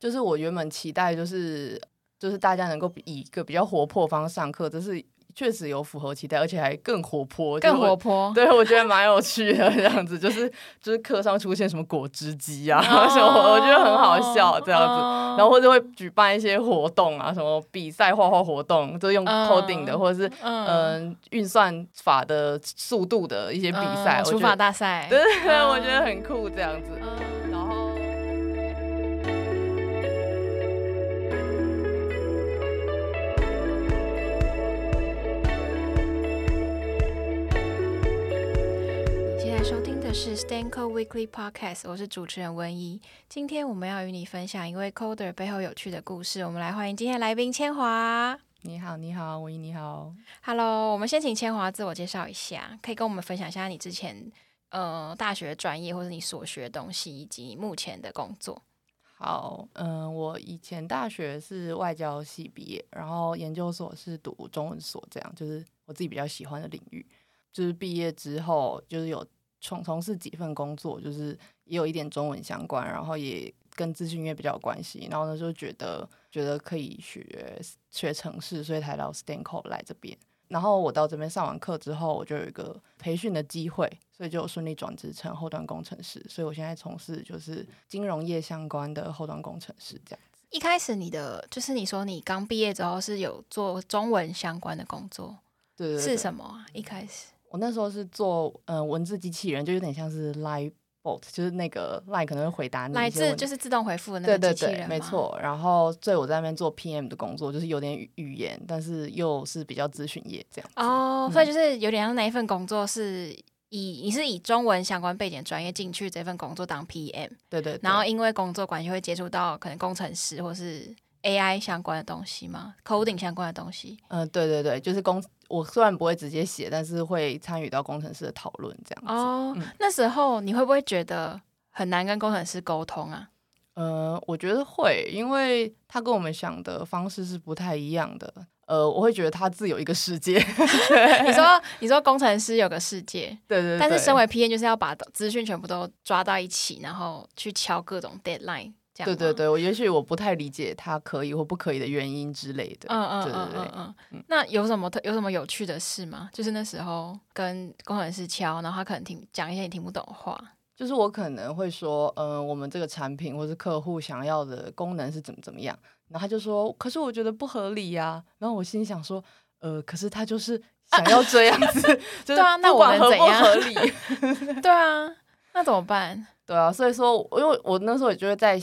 就是我原本期待，就是就是大家能夠以一個比較活潑方式上課，就是確實有符合期待，而且還更活潑，更活潑。對，我覺得蠻有趣的這樣子， 就是就是課上出現什麼果汁機啊，什麼、uh, 我覺得很好笑這樣子，uh, uh, 然後或者會舉辦一些活動啊，什麼比賽、畫畫活動，就用 coding 的，uh, uh, 或者是嗯運、呃、算法的速度的一些比賽、除法大賽，對、uh, uh, 我覺得很酷這樣子。Uh, uh, S 是 stanCode Weekly Podcast，我是主持人文怡。今天我們要與你分享一位 Coder 背後有趣的故事。我們來歡迎今天的來賓千華。你好，你好，文怡。你好。Hello，我們先請千華自我介紹一下，可以跟我們分享一下你之前呃大學專業或者你所學的東西，以及你目前的工作。好，嗯、呃，我以前大學是外交系畢業，然後研究所是讀中文所，這樣就是我自己比較喜歡的領域。就是畢業之後，就是有。從從事幾份工作，就是也有一點中文相關，然後也跟資訊業比較有關係。然後呢，就覺得覺得可以學學程式，所以才來到 stanCode 來這邊。然後我到這邊上完課之後，我就有一個培訓的機會，所以就順利轉職成後端工程師。所以我現在從事就是金融業相關的後端工程師這樣子。一開始你的就是你說你剛畢業之後是有做中文相關的工作，對,對,對，是什麼啊？一開始。我那時候是做、呃、文字機器人，就有點像是 Line Bot，就是那個 Line 可能會回答你些，些文就是自動回復的那個機器人。對對對，沒錯。然後最我在那邊做 PM 的工作，就是有點語言，但是又是比較資訊業這樣。哦、oh, 嗯，所以就是有點像那一份工作是以你是以中文相關背景專業進去這份工作當 PM。對對，對對。然後因為工作關係會接觸到可能工程師或是 AI 相關的東西嗎？Coding 相關的東西。嗯、呃，對對對，就是工。我雖然不會直接寫，但是會參與到工程師的討論這樣子。哦、oh, 嗯，那時候你會不會覺得很難跟工程師溝通啊？呃，我覺得會，因為他跟我們想的方式是不太一樣的。呃，我會覺得他自有一個世界。 你說，你說工程師有個世界，對對，對對。但是身為 PM 就是要把資訊全部都抓到一起，然後去敲各種 deadline。對對對，我也許我不太理解他可以或不可以的原因之類的。嗯對對對，嗯嗯嗯，那有什麼特有什麼有趣的事嗎？就是那時候跟工程師敲，然後他可能聽講一些你聽不懂的話。就是我可能會說，嗯、呃，我們這個產品或是客戶想要的功能是怎麼怎麼樣，然後他就說，可是我覺得不合理呀，啊。然後我心裡想說，呃，可是他就是想要這樣子，啊 對啊，那我們怎樣？合理？對啊，那怎麼辦？對啊，所以說，因為我那時候也就會在。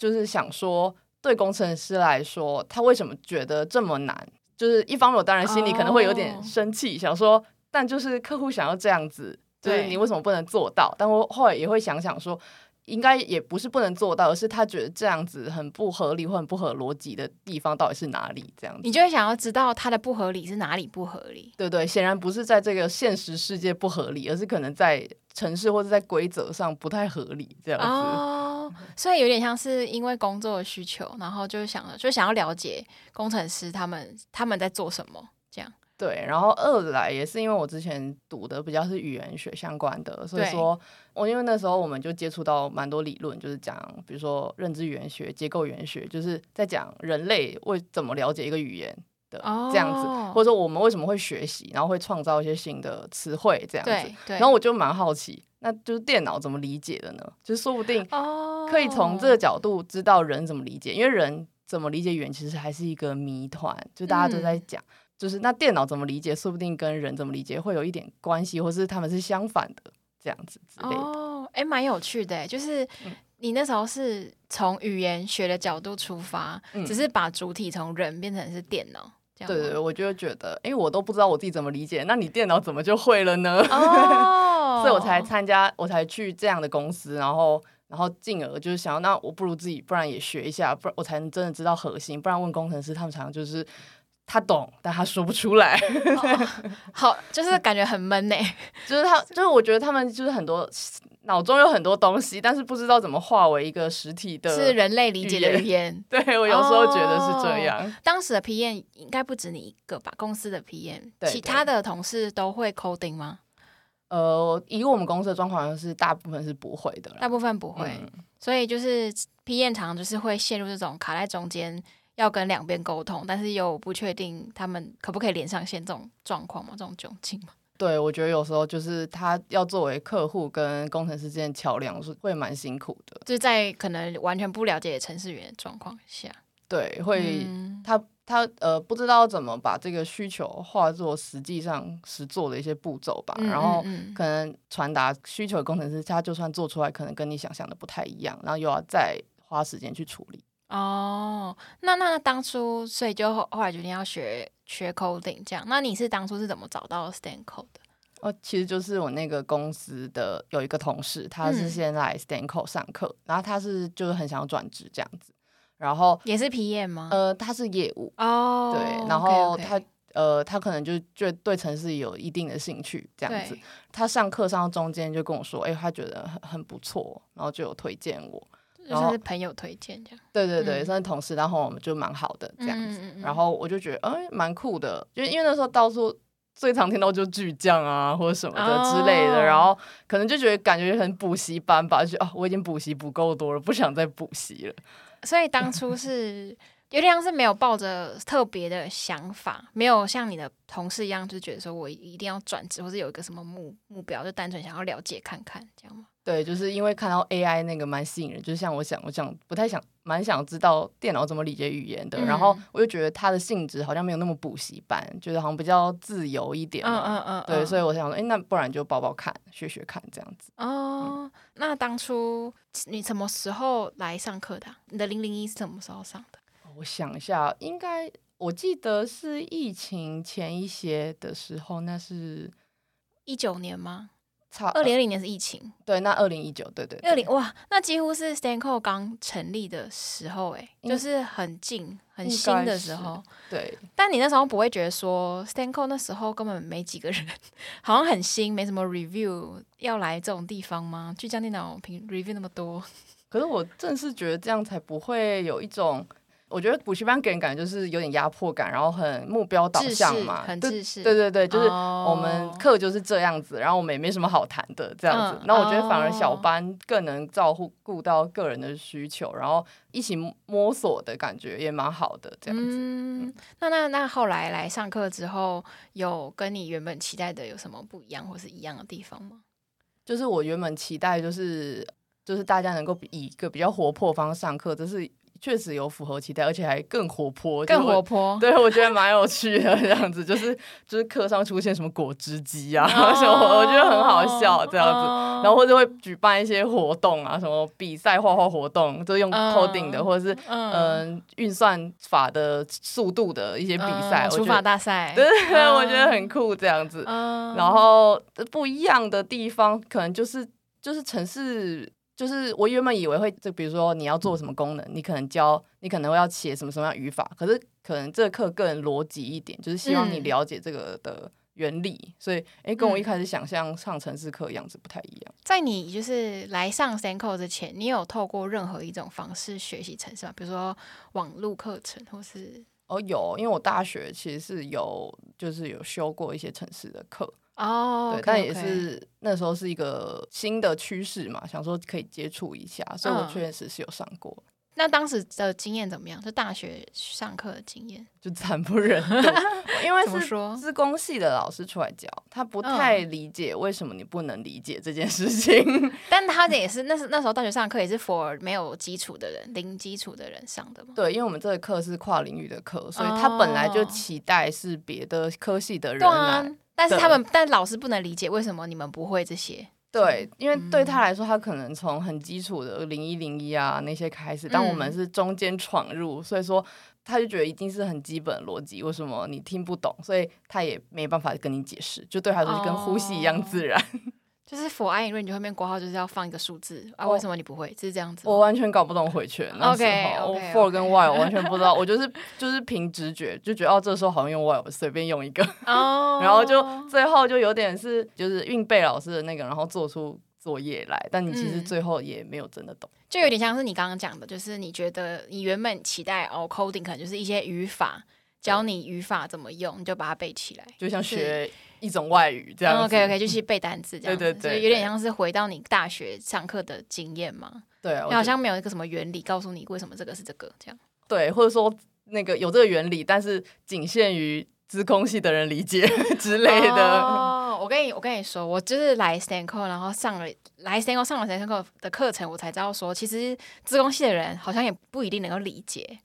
就是想說，對工程師來說，他為什麼覺得這麼難？就是一方面，我當然心裡可能會有點生氣，oh. 想說，但就是客戶想要這樣子，就是你為什麼不能做到？對但我後來也會想想說，應該也不是不能做到，而是他覺得這樣子很不合理或很不合邏輯的地方到底是哪裡？這樣子，你就會想要知道它的不合理是哪裡不合理？對，對對，顯然不是在這個現實世界不合理，而是可能在程式或者在規則上不太合理這樣子。哦，oh, 所以有點像是因為工作的需求，然後就想了，就想要了解工程師他們他們在做什麼這樣。對，然後二來也是因為我之前讀的比較是語言學相關的，所以說。我因為那時候我們就接觸到蠻多理論，就是講比如說認知語言學、結構語言學，就是在講人類為怎麼了解一個語言的、oh. 這樣子，或者說我們為什麼會學習，然後會創造一些新的詞彙這樣子。對，對。然後我就蠻好奇，那就是電腦怎麼理解的呢？就是、說不定可以從這個角度知道人怎麼理解，oh. 因為人怎麼理解語言其實還是一個謎團，就大家都在講，嗯、就是那電腦怎麼理解，說不定跟人怎麼理解會有一點關係，或是他們是相反的。這樣子之類的哦，oh, 欸,蠻有趣的，就是你那時候是從語言學的角度出發，嗯、只是把主體從人變成是電腦，這樣對，對對，我就覺得，欸，因為我都不知道我自己怎麼理解，那你電腦怎麼就會了呢？哦，oh. 所以我才參加，我才去這樣的公司，然後然後進而就是想要，那我不如自己，不然也學一下，不然我才能真的知道核心，不然問工程師，他們常常就是。他懂，但他說不出來。Oh, oh, 好，就是感覺很悶呢。 就是他，就是我覺得他們就是很多腦中有很多東西，但是不知道怎麼化為一個實體的，是人類理解的語言。對，我有時候覺得是這樣。Oh, 當時的 PM 應該不止你一個吧？公司的 PM，對對對，其他的同事都會 coding 嗎？呃，以我們公司的狀況，是大部分是不會的。大部分不會，嗯。所以就是 PM 常常就是會陷入這種卡在中間。要跟兩邊溝通，但是又不確定他們可不可以連上線這種狀況嘛，這種窘境嘛，對，我覺得有時候就是他要作為客戶跟工程師之間的橋樑是會蠻辛苦的，就在可能完全不了解程式員的狀況下，對，會、嗯、他他呃不知道怎麼把這個需求化作實際上實做的一些步驟吧，嗯嗯嗯，然後可能傳達需求的工程師他就算做出來，可能跟你想象的不太一樣，然後又要再花時間去處理。哦，oh, 那那當初所以就後來決定要學學 coding 這樣，那你是當初是怎麼找到 stanCode 的？哦，其實就是我那個公司的有一個同事，他是先來 stanCode 上課，嗯、然後他是就是很想要轉職這樣子，然後也是 PM 嗎？呃，他是業務哦，oh, 對，然後他 okay okay 呃他可能就就對程式有一定的興趣這樣子，對他上課上到中間就跟我說，哎、欸，他覺得很很不錯，然後就有推薦我。就是朋友推薦這樣，對對對，嗯、算是同事，然後我們就蠻好的這樣子，嗯嗯嗯，然後我就覺得嗯、欸、蠻酷的，就因為那時候到處最常聽到就巨匠啊或者什麼的之類的，哦、然後可能就覺得感覺很補習班吧，就哦、啊，我已經補習不夠多了，不想再補習了，所以當初是。 有點像是沒有抱着特別的想法，沒有像你的同事一樣，就覺得說我一定要轉職，或是有一個什麼目目標，就單純想要了解看看這樣嗎？對，就是因為看到 AI 那個蠻吸引人，就是像我想，我想不太想，蠻想知道電腦怎麼理解語言的。嗯、然後我就覺得它的性質好像沒有那麼補習班，覺得好像比較自由一點。嗯嗯嗯。對，所以我想說，誒，那不然就報報看，學學看這樣子。哦、oh, 嗯，那當初你什麼時候來上課的？你的零零一是什麼時候上的？我想一下，應該我記得是疫情前一些的時候，那是一九年嗎？差不多，二零二零年是疫情，對，那二零一九，對對。二零哇，那幾乎是 stanCode 剛成立的時候，哎、嗯，就是很近、很新的時候。對，但你那時候不會覺得說 stanCode 那時候根本沒幾個人，好像很新，沒什麼 review 要來這種地方嗎？就像電腦評 review 那麼多，可是我正是覺得這樣才不會有一種。我覺得補習班給人感覺就是有點壓迫感，然後很目標導向嘛，自很自對對對，就是我們課就是這樣子，然後我們也沒什麼好談的這樣子。那、嗯、我覺得反而小班更能照顧到個人的需求，嗯、然後一起摸索的感覺也蠻好的這樣子。嗯、那那那後來來上課之後，有跟你原本期待的有什麼不一樣或是一樣的地方嗎？就是我原本期待就是就是大家能夠以一個比較活潑方式上課，這是。確實有符合期待，而且還更活潑，更活潑。對，我覺得蠻有趣的這樣子，就是就是課上出現什麼果汁機啊，什麼我覺得很好笑這樣子，然後就會舉辦一些活動啊，什麼比賽、畫畫活動，就用 coding 的，或者是嗯運算法的速度的一些比賽，除法大賽，對，我覺得很酷這樣子。然後不一樣的地方，可能就是就是城市。就是我原本以為會，就比如說你要做什麼功能，你可能教，你可能會要寫什麼什麼樣語法，可是可能這個課更邏輯一點，就是希望你了解這個的原理，嗯、所以誒、欸，跟我一開始想像上程式課的樣子不太一樣。嗯、在你就是來上 stanCode 之前，你有透過任何一種方式學習程式嗎？比如說網路課程，或是哦有，因為我大學其實是有就是有修過一些程式的課。哦，oh, okay, okay. 對，但也是那時候是一個新的趨勢嘛，Okay. 想說可以接觸一下，嗯、所以我確實是有上過。那當時的經驗怎麼樣？就大學上課的經驗，就慘不忍睹。 因為是說是資工系的老師出來教，他不太理解為什麼你不能理解這件事情。嗯、 但他也是那是那時候大學上課也是 for 沒有基礎的人，零基礎的人上的嘛。對，因為我們這個課是跨領域的課，所以他本來就期待是別的科系的人來。Oh. 但是他們，對但老師不能理解為什麼你們不會這些。對，因為對他來說，嗯、他可能從很基礎的零一零一啊那些開始，但我們是中間闖入，嗯、所以說他就覺得一定是很基本的邏輯，為什麼你聽不懂？所以他也沒辦法跟你解釋，就對他說就跟呼吸一樣自然。哦。就是 for in range 後面括號就是要放一個數字啊？為什麼你不會？就、oh, 是這樣子。我完全搞不懂回去那時候 ok, okay, okay.、Oh, for 跟 why 我完全不知道， 我就是就是憑直覺就覺得哦、啊，這時候好像用 why，我隨便用一個，oh、 然後就最後就有點是就是硬背老師的那個，然後做出作業來，但你其實最後也沒有真的懂，嗯、對就有點像是你剛剛講的，就是你覺得你原本期待哦，coding 可能就是一些語法，教你語法怎麼用，對你就把它背起來，就像學。一種外語這樣子，OK OK，就是背單詞這樣子、嗯，對對對,對，有點像是回到你大學上課的經驗嘛。對啊，好像沒有一個什麼原理告訴你為什麼這個是這個這樣。對,對，或者說那個有這個原理，但是僅限於資工系的人理解之類的。哦，我跟你我跟你說，我就是來 stanCode，然後上了來 stanCode 上了 stanCode 的課程，我才知道說，其實資工系的人好像也不一定能夠理解，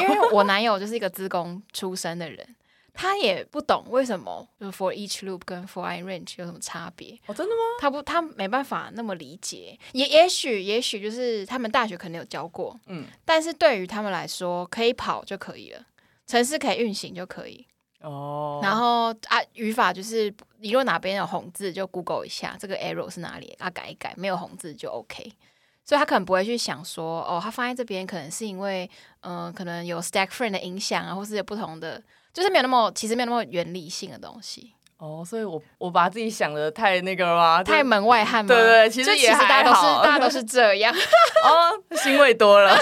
因為我男友就是一個資工出身的人。哦呵呵呵他也不懂為什麼，就 for each loop 跟 for in range 有什麼差別？哦，oh, 真的嗎？他不，他沒辦法那麼理解。也也許，也許就是他們大學可能有教過，嗯。但是對於他們來說，可以跑就可以了，程式可以運行就可以哦。Oh. 然後啊，語法就是你若哪邊有紅字，就 Google 一下這個 error 是哪裡，啊，改一改。沒有紅字就 OK，所以他可能不會去想說，哦，他發現這邊可能是因為，嗯、呃，可能有 stack frame 的影響啊，或是有不同的。就是沒有那麼，其實沒有那麼原理性的東西。哦，所以我我把自己想的太那個了嗎？太門外漢嘛？對對，對其實也還好，大家都， 都是這樣，哦欣慰多了。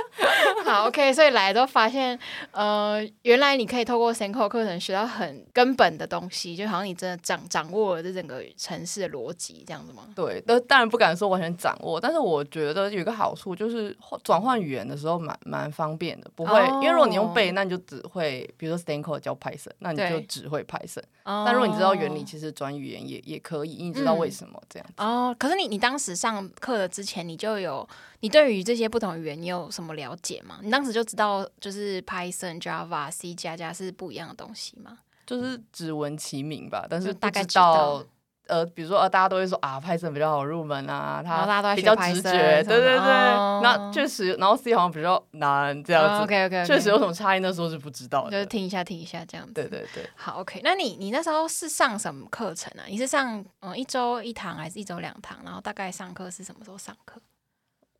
好，OK，所以來都發現，呃，原來你可以透過 stanCode 課程學到很根本的東西，就好像你真的掌掌握了這整個程式的邏輯，這樣子嗎？對，當然不敢說完全掌握，但是我覺得有個好處就是轉換語言的時候蠻蠻方便的，不會、哦、因為如果你用背，那你就只會，比如說 stanCode 教 Python，那你就只會 Python。但如果你知道原理，哦、其實轉語言也也可以，因為你知道為什麼這樣子，嗯。哦，可是你你當時上課之前，你就有你對於這些不同語言，你有什麼了解嗎？你當時就知道就是 Python、Java、C 加加是不一樣的東西嗎？就是只聞其名吧，但是就大概知道。呃，比如說呃，大家都會說啊，Python 比較好入門啊，它，然後大家都比較直覺，對對對。哦、那確實，然後 C 好像比較難這樣子。哦、OK OK，okay. 確實有什麼差異，那時候是不知道的，就是聽一下聽一下這樣子。對對對。好，OK，那你你那時候是上什麼課程呢、啊？你是上嗯一周一堂還是一周兩堂？然後大概上課是什麼時候上課？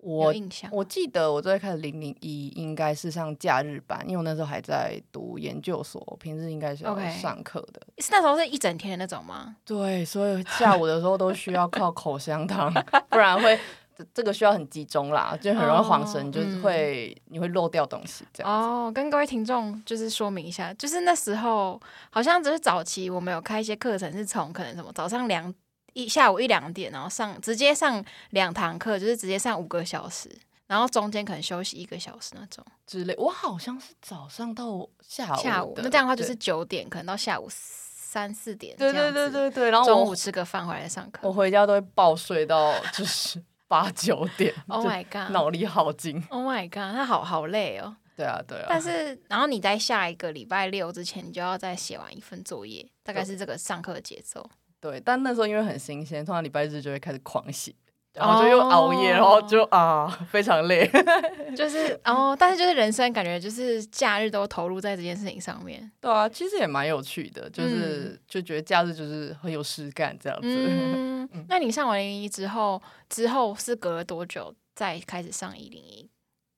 我印象我記得我最開始零零一應該是上假日班，因為我那時候還在讀研究所，平時應該是要上課的。Okay. 是那時候是一整天的那種嗎？對，所以下午的時候都需要靠口香糖， 不然會這個需要很集中啦，就很容易晃神，就是會你會漏掉東西。這樣哦，oh, 跟各位聽眾就是說明一下，就是那時候好像只是早期我們有開一些課程是從可能什麼早上兩。一下午一兩點，然後上直接上兩堂課，就是直接上五個小時，然後中間可能休息一個小時那種之類。我好像是早上到下午，下午對那這樣的話就是九點對可能到下午三四點。對對對對對，然後我中午吃個飯回來上課。我回家都會暴睡到就是八九點。 Oh my god，腦力好緊 Oh my god，他好好累哦。對啊，對啊。但是然後你在下一個禮拜六之前，你就要再寫完一份作業，大概是這個上課的節奏。對，但那時候因為很新鮮，通常禮拜日就會開始狂寫，然後就又熬夜，哦、然後就啊，非常累。 就是，然、哦、後但是就是人生感覺就是假日都投入在這件事情上面。對啊，其實也蠻有趣的，就是、嗯、就覺得假日就是很有事幹這樣子。嗯嗯、那你上完一零一之後，之後是隔了多久再開始上一零一？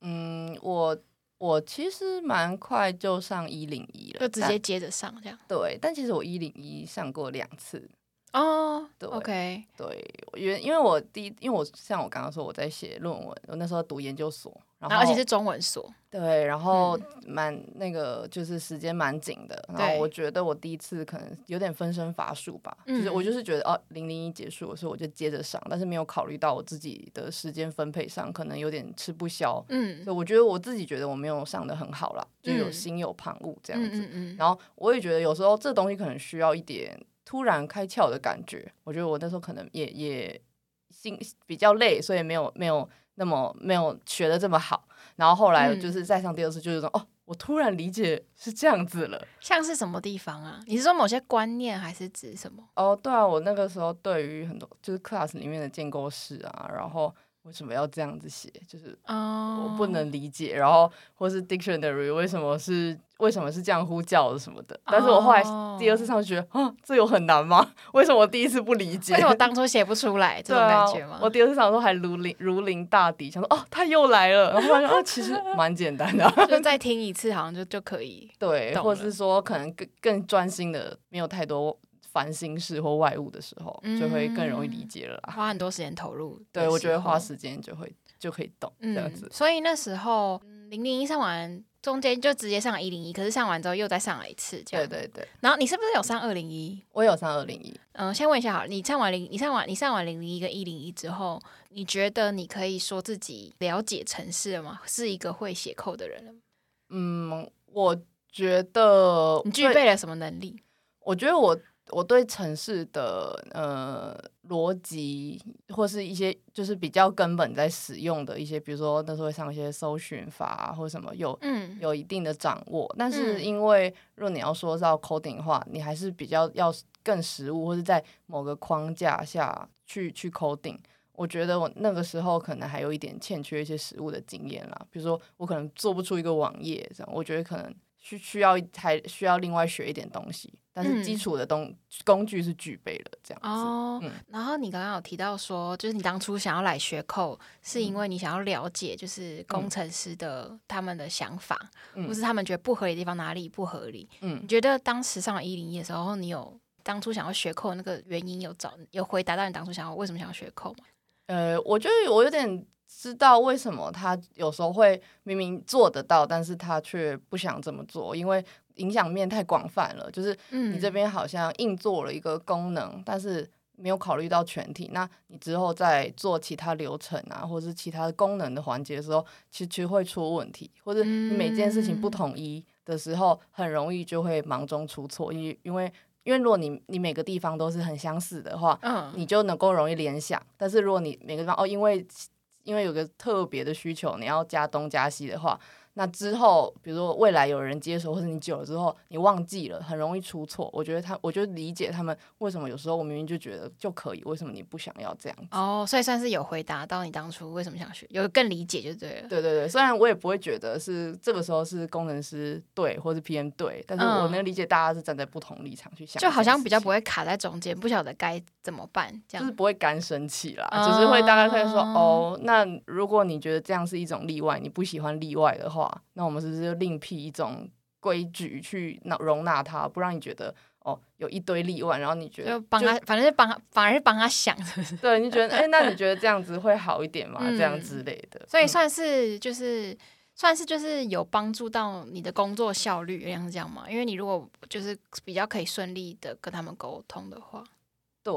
嗯，我我其實蠻快就上一零一了，就直接接着上這樣。對，但其實我一零一上過兩次。哦、oh，OK，對，我因為我第一，因為我像我剛剛說，我在寫論文，我那時候讀研究所，然後而且是中文所，對，然後蠻、嗯、那個就是時間蠻緊的，然後我覺得我第一次可能有點分身乏術吧，對就是我就是覺得哦零零一結束的時候我就接着上，但是沒有考慮到我自己的時間分配上可能有點吃不消，嗯，所以我覺得我自己覺得我沒有上得很好啦，就有心有旁騖這樣子，嗯、然後我也覺得有時候這東西可能需要一點。突然開竅的感覺，我覺得我那時候可能也也心比較累，所以沒有沒有那麼沒有學得這麼好。然後後來就是再上第二次，就是說、嗯、哦，我突然理解是這樣子了。像是什麼地方啊？嗯、你是說某些觀念，還是指什麼？哦，對啊，我那個時候對於很多就是 class 裡面的建構式啊，然後。為什麼要這樣子寫？就是我不能理解，oh. 然後或是 dictionary 為什麼是為什麼是這樣呼叫的什麼的？Oh. 但是我後來第二次上學，啊，這有很難嗎？為什麼我第一次不理解？而且我當初寫不出來、 啊、這種感覺嗎？我第二次上的時候還如臨如臨大敵，想說哦，他又來了。然後，後來說、啊、其實蠻簡單的、啊， 就再聽一次，好像就就可以。對，或者是說可能更更專心的，沒有太多。煩心事或外物的時候，就會更容易理解了、嗯、花很多時間投入，對我覺得花時間就會就可以懂這樣子、嗯。所以那時候零零一上完，中間就直接上一零一，可是上完之後又再上來一次這樣。對對對。然後你是不是有上二零一？我也有上二零一。嗯，先問一下好，你上完零，你上完你上完零零一跟一零一之後，你覺得你可以說自己了解程式了嗎？是一個會寫扣的人了嗎？嗯，我覺得你具備了什麼能力？我覺得我。我對程式的呃邏輯或是一些就是比較根本在使用的一些，比如說那時候會上一些搜尋法、啊、或什麼有有一定的掌握，但是因為若你要說到 coding 的話，嗯、你還是比較要更實務，或是在某個框架下去去 coding。我覺得我那個時候可能還有一點欠缺一些實務的經驗啦，比如說我可能做不出一個網頁這樣，我覺得可能。需需要還需要另外學一點東西，但是基礎的東西、嗯、工具是具備了這樣子。哦嗯、然後你剛剛有提到說，就是你當初想要來學扣，是因為你想要了解就是工程師的、嗯、他們的想法，嗯、或是他們覺得不合理的地方哪裡不合理。嗯、你覺得當時上一零一的時候，你有當初想要學扣那個原因有找有回答到你當初想要為什麼想要學扣嗎？呃，我覺得我有點。知道為什麼他有時候會明明做得到，但是他卻不想這麼做，因為影響面太廣泛了。就是你這邊好像硬做了一個功能，嗯、但是沒有考慮到全體，那你之後再做其他流程啊，或者是其他功能的環節的時候，其實會出問題，或者你每件事情不統一的時候，嗯、很容易就會忙中出錯。因因為因為，因為如果你你每個地方都是很相似的話，哦、你就能夠容易聯想。但是如果你每個地方哦，因為因為有個特別的需求，你要加東加西的話。那之後，比如說未來有人接手，或者你久了之後你忘記了，很容易出錯。我覺得他，我就理解他們為什麼有時候我明明就覺得就可以，為什麼你不想要這樣子？哦，oh, 所以算是有回答到你當初為什麼想學，有更理解就對了。對對對，雖然我也不會覺得是這個時候是工程師對或是 PM 對，但是我能理解大家是站在不同立場去想，就好像比較不會卡在中間，不曉得該怎麼辦，這樣就是不會乾生氣啦，只、oh. 是會大概會說哦，那如果你覺得這樣是一種例外，你不喜歡例外的話。那我們是不是就另闢一種規矩去容納他，不讓你覺得哦，有一堆例外，然後你覺得幫他，反正是幫他，反而是幫他想是、是， 對，你覺得哎、欸，那你覺得這樣子會好一點嗎？嗯、這樣之類的，所以算是就是、嗯、算是就是有幫助到你的工作效率，原來是這樣嗎？因為你如果就是比較可以順利的跟他們溝通的話，對，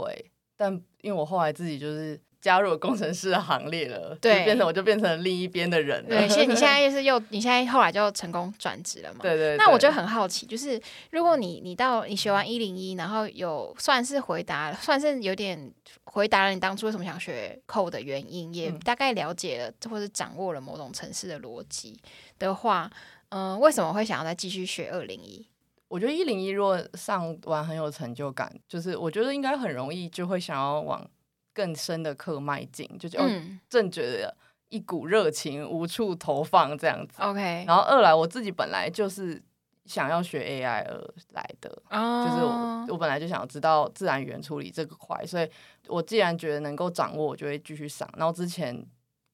但因為我後來自己就是。加入工程師的行列了，對，變成我就變成另一邊的人了。對，現你現在又是又， 你現在後來就成功轉職了嘛？對，對對。那我就很好奇，就是如果你你到你學完一零一，然後有算是回答，算是有點回答了你當初為什麼想學 Code 的原因，也大概了解了、嗯、或者掌握了某種程式的邏輯的話，嗯、呃，為什麼會想要再繼續學二零一？我覺得一零一如果上完很有成就感，就是我覺得應該很容易就會想要往。更深的課邁進，就覺、嗯、正覺得一股熱情無處投放這樣子。OK，然後二來我自己本來就是想要學 AI 而來的，oh、就是我，我本來就想知道自然語言處理這個塊，所以我既然覺得能夠掌握，我就會繼續上。然後之前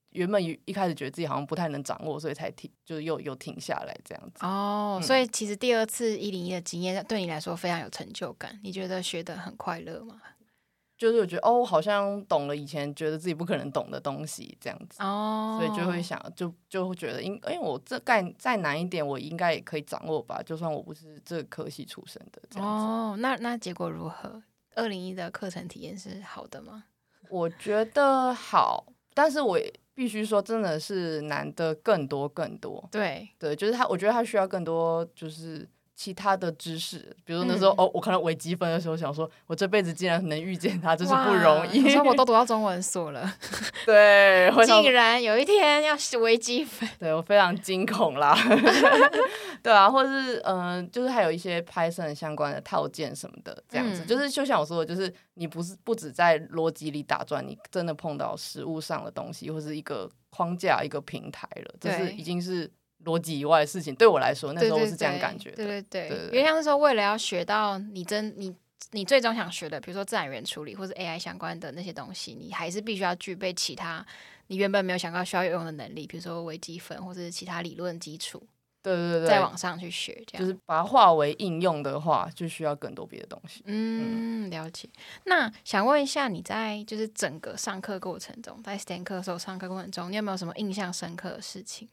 原本一開始覺得自己好像不太能掌握，所以才停，就又又停下來這樣子。哦、oh，嗯，所以其實第二次一零一的經驗，對你來說非常有成就感。你覺得學得很快樂嗎？就是我覺得哦，好像懂了以前覺得自己不可能懂的東西這樣子，oh. 所以就會想，就就會覺得因因為我這概再難一點，我應該也可以掌握吧，就算我不是這個科系出身的這樣子。哦、oh，那那結果如何？二零一的課程體驗是好的嗎？我覺得好，但是我必須說，真的是難得更多更多。對對，就是他，我覺得他需要更多，就是。其他的知識，比如說那時候、嗯、哦，我看到微積分的時候，想說我這輩子竟然能遇見他，真、就是不容易。所以我都讀到中文所了。 對，竟然有一天要學微積分，對我非常驚恐啦。 對啊，或是嗯、呃，就是還有一些 Python 相關的套件什麼的，這樣子，嗯、就是就像我說的，就是你不是不止在邏輯裡打轉，你真的碰到實物上的東西，或是一個框架、一個平台了，就是已經是。邏輯以外的事情，對我來說，那時候是這樣感覺。對對對，因為那時候為了要學到你真你你最終想學的，比如說自然語言處理或者 AI 相關的那些東西，你還是必須要具備其他你原本沒有想到需要有用的能力，比如說微積分或者其他理論基礎。對，對對對，在網上去學，這樣，就是把它化為應用的話，就需要更多別的東西。嗯，嗯了解。那想問一下，你在就是整個上課過程中，在 stanCode 的時候上課過程中，你有沒有什麼印象深刻的事情？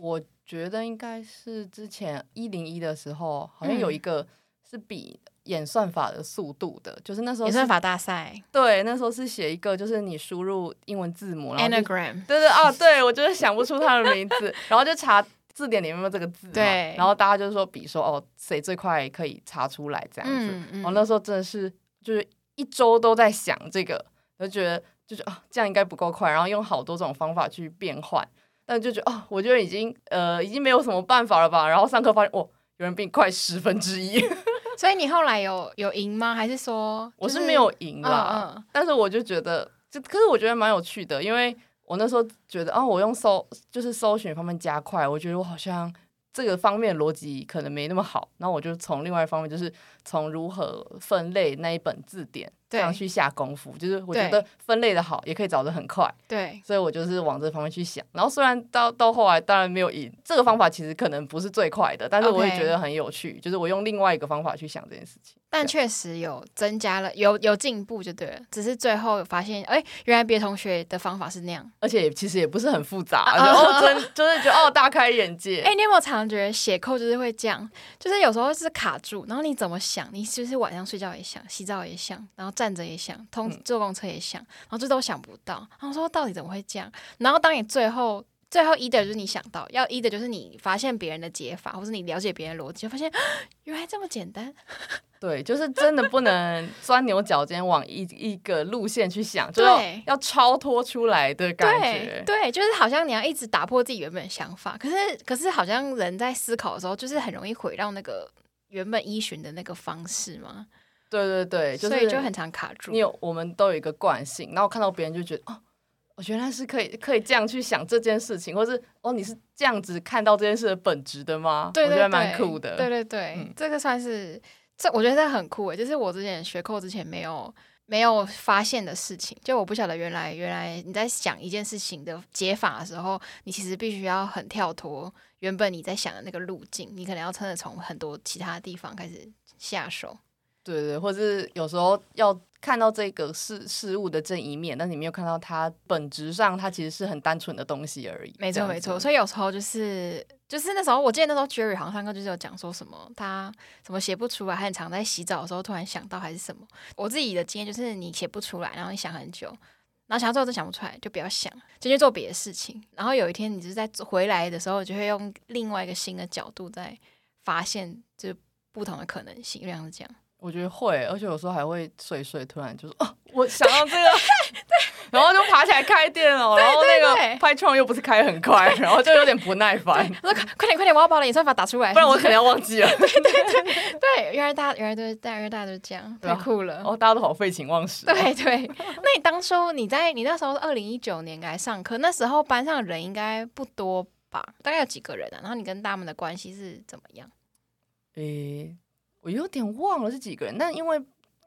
我覺得應該是之前一零一的時候，好像有一個是比演算法的速度的，嗯、就是那時候演算法大賽。對，那時候是寫一個，就是你輸入英文字母，anagram、哦。對對啊，對我就是想不出它的名字， 然後就查字典裡面有沒有這個字嘛。對。然後大家就是說比說哦，誰最快可以查出來這樣子。嗯嗯。我、嗯、那時候真的是就是一周都在想這個，就覺得就是啊這樣應該不夠快，然後用好多種方法去變換。但就覺得哦，我覺得已經呃，已經沒有什麼辦法了吧。然後上課發現，哦，有人比你快十分之一。 所以你後來有有贏嗎？還是說、就是、我是沒有贏啦？嗯嗯，但是我就覺得，就可是我覺得蠻有趣的，因為我那時候覺得啊、哦，我用搜就是搜尋方面加快，我覺得我好像這個方面邏輯可能沒那麼好。那我就從另外一方面，就是從如何分類那一本字典。這樣對去下功夫，就是我覺得分類的好，對也可以找得很快。對，所以我就是往這方面去想。然後雖然到到後來，當然沒有贏，這個方法其實可能不是最快的，但是我也覺得很有趣。Okay, 就是我用另外一個方法去想這件事情，但確實有增加了，有有進步就對了。只是最後發現，哎、欸，原來別的同學的方法是那樣，而且也其實也不是很複雜、啊。然後、uh oh. 真真的就是、覺得哦，大開眼界。哎、 欸，你有沒有常，常覺得寫 code 就是會這樣，就是有時候是卡住，然後你怎麼想？你是不是晚上睡覺也想，洗澡也想，然後？站着也想，通坐公車也想，然後最後都想不到。然後說，到底怎麼會這樣？然後當你最後最後一的，就是你想到；要一的，就是你發現別人的解法，或者你了解別人的邏輯，就發現、啊、原來這麼簡單。對，就是真的不能鑽牛角尖，往一 一個路線去想，就要、是、要超脫出來的感覺對。對，就是好像你要一直打破自己原本想法。可是可是，好像人在思考的時候，就是很容易回到那個原本依循的那個方式嘛。對對對，就是、所以就很常卡住。你有我們都有一個慣性，然後看到別人就覺得哦，我覺得那是可以可以這樣去想這件事情，或是哦，你是這樣子看到這件事的本質的嗎？我覺得蠻酷的。對對對，這個算是這，我覺得這很酷誒，就是我之前學 code 之前沒有沒有發現的事情，就我不曉得原來原來你在想一件事情的解法的時候，你其實必須要很跳脫原本你在想的那個路徑，你可能要真的從很多其他地方開始下手。對對，或者是有時候要看到這個事事物的這一面，但是你沒有看到它本質上，它其實是很單純的東西而已。沒錯沒錯，所以有時候就是就是那時候，我記得那時候 Jerry 好像上課就是有講說什麼他什麼寫不出來，還很常在洗澡的時候突然想到還是什麼。我自己的經驗就是你寫不出來，然後你想很久，然後想到最後就想不出來，就不要想，就去做別的事情。然後有一天你就是在回來的時候，你就會用另外一個新的角度再發現就是不同的可能性，原來是這樣。我覺得會，而且有時候還會睡睡，突然就是哦，我想到這個，對，然後就爬起來開電腦哦，然後那個拍創又不是開很快，然後就有點不耐煩，說快點快點，我要把我的演算法打出來，不然我可能要忘記了。對對對對，原來大家原來都是，原來大家都這樣，太酷了。哦，大家都好廢寢忘食。對對，那你當初你在你那時候二零一九年來上課，那時候班上的人應該不多吧？大概有幾個人啊？然後你跟他們的關係是怎麼樣？誒。我有點忘了是幾個人，但因為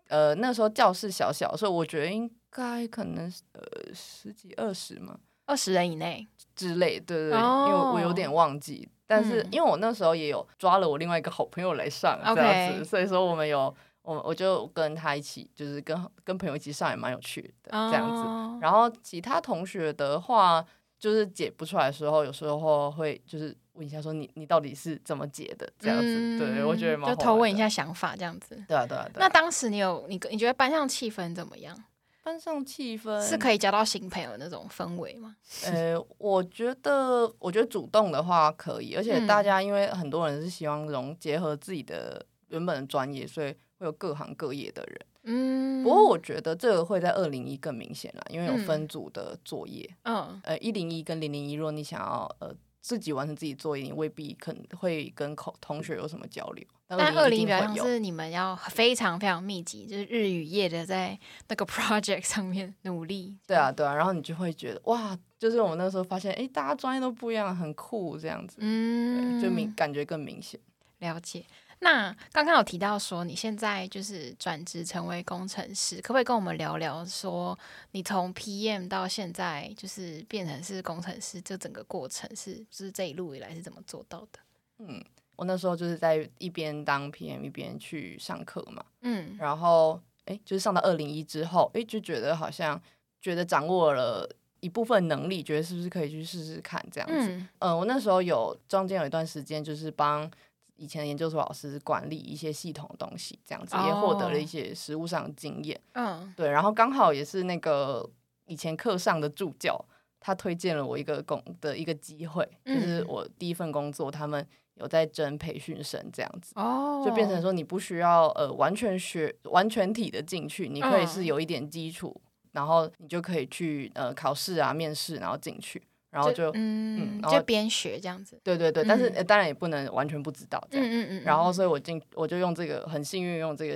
呃那時候教室小小，所以我覺得應該可能呃十幾二十嘛，二十人以內之類。對對對，oh. 因為我有點忘記，但是因為我那時候也有抓了我另外一個好朋友來上這樣子，Okay. 所以說我們有我我就跟他一起，就是跟跟朋友一起上也蠻有趣的這樣子。Oh. 然後其他同學的話。就是解不出來的時候，有時候會就是問一下，說你你到底是怎麼解的這樣子，嗯、對我覺得就偷問一下想法這樣子，對啊對啊對啊。那當時你有你你覺得班上氣氛怎麼樣？班上氣氛是可以交到新朋友那種氛圍嗎？呃、欸，我覺得我覺得主動的話可以，而且大家因為很多人是希望融結合自己的原本的專業，所以會有各行各業的人。嗯，不過我覺得這個會在二零一更明顯啦，因為有分組的作業。嗯、哦，呃，101 1,，呃，一零一跟零零一，如果你想要呃自己完成自己作業，你未必可能會跟同同學有什麼交流。但二零一表示是你們要非常非常密集，對就是日與夜的在那個 project 上面努力。對啊，對啊，然後你就會覺得哇，就是我們那時候發現，哎，大家專業都不一樣，很酷這樣子。嗯，就明感覺更明顯，了解。那剛剛有提到說你現在就是轉職成為工程師，可不可以跟我們聊聊說你從 PM 到現在就是變成是工程師這整個過程是就是這一路以來是怎麼做到的？嗯，我那時候就是在一邊當 PM 一邊去上課嘛，嗯，然後哎，就是上到二零一之後，哎就覺得好像覺得掌握了一部分能力，覺得是不是可以去試試看這樣子？嗯、呃，我那時候有中間有一段時間就是幫。以前的研究所老師管理一些系統的東西，這樣子也獲得了一些實務上的經驗。嗯，對，然後剛好也是那個以前課上的助教，他推薦了我一個工的一個機會，就是我第一份工作，他們有在徵培訓生，這樣子哦，就變成說你不需要呃完全學完全體的進去，你可以是有一點基礎，然後你就可以去呃考試啊面試，然後進去。然後就，就嗯，嗯，然後就邊學這樣子，對對對，嗯、但是、呃、當然也不能完全不知道這樣，嗯嗯，嗯然後所以我進我就用這個很幸運用這個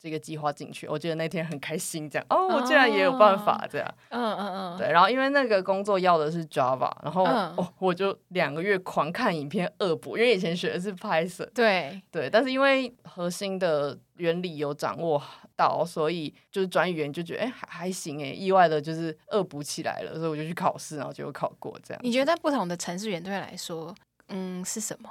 這個計劃進去，我覺得那天很開心，這樣哦，我竟然也有辦法、哦、這樣，嗯嗯嗯。嗯嗯對，然後因為那個工作要的是 Java，然後、嗯哦、我就兩個月狂看影片惡補，因為以前學的是 Python，對對，但是因為核心的原理有掌握。所以就是轉語言就覺得哎，還、欸、還行哎，意外的就是惡補起來了，所以我就去考試，然後就考過這樣。你覺得在不同的程式語言來說，嗯，是什麼？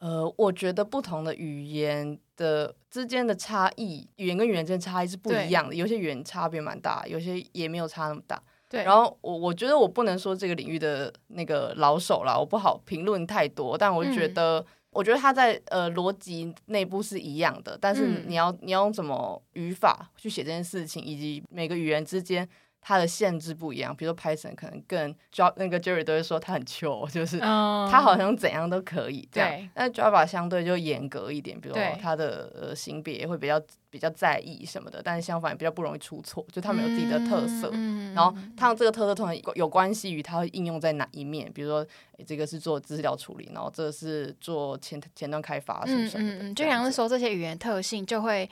呃，我覺得不同的語言的之間的差異，語言跟語言之間差異是不一樣的，對有些語言差別蠻大，有些也沒有差那麼大。對。然後我我覺得我不能說這個領域的那個老手了，我不好評論太多，但我就覺得、嗯。我覺得它在呃邏輯內部是一樣的，但是你要你要用什麼語法去寫這件事情，以及每個語言之間。它的限制不一樣，比如說 Python 可能跟 Java 那個 Jerry 都會說它很 chill，就是它好像怎樣都可以這樣。Um, 但 Java 相對就嚴格一點，對比如說它的型別、呃、會比較比較在意什麼的，但是相反比較不容易出錯，就他們有自己的特色。嗯嗯、然後它這個特色通常有關係於它會應用在哪一面，比如說、欸、這個是做資料處理，然後這個是做前前端開發什麼什麼的、嗯嗯。就像是說這些語言特性就會。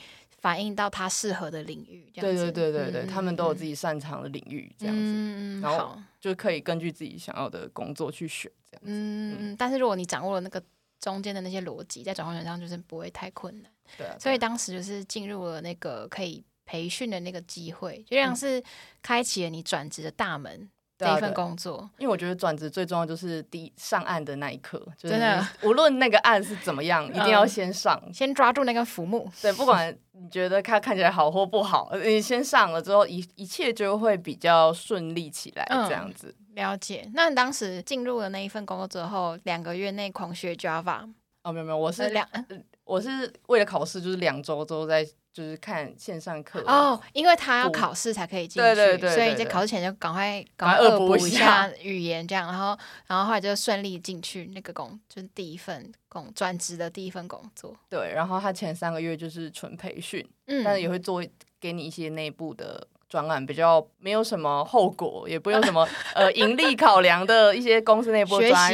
反映到他適合的領域，這樣對對對對對，嗯、他們都有自己擅長的領域，嗯、這樣子，然後就可以根據自己想要的工作去選，嗯、這樣子。嗯，但是如果你掌握了那個中間的那些邏輯，在轉換上就是不會太困難。對，啊、對，所以當時就是進入了那個可以培訓的那個機會，就像是開啟了你轉職的大門。嗯第一份工作，因為我覺得轉職最重要就是第一上岸的那一刻，真的，無論那個岸是怎麼樣，嗯、一定要先上，先抓住那個浮木。對，不管你覺得它看、看起來好或不好，你是先上了之後，一一切就會比較順利起來，嗯、這樣子。了解。那你當時進入了那一份工作之後，兩個月內狂學 Java。哦，沒有沒有，我是兩，嗯、我是為了考試，就是兩周之後在。就是看線上課哦，因為他要考試才可以進去，對對對，所以在考試前就趕快趕快惡補一下語言，這樣，然後然後後來就順利進去那個工，就是第一份工，轉職的第一份工作。對，然後他前三個月就是純培訓，嗯，但是也會做給你一些內部的。專案比較沒有什麼後果，也不用什麼 呃，盈利考量的一些公司內部專案，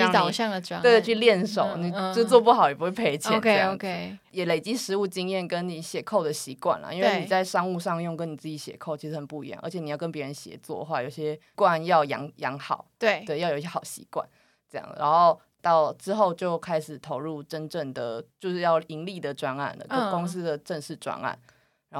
對，去練手，嗯、你就做不好也不會賠錢這樣、嗯嗯、，OK OK，也累積實務經驗跟你寫扣的習慣了，因為你在商務上用跟你自己寫扣其實很不一樣，對而且你要跟別人協作的話，有些慣要養養好，對，對，要有一些好習慣，這樣，然後到之後就開始投入真正的就是要盈利的專案了，嗯、公司的正式專案。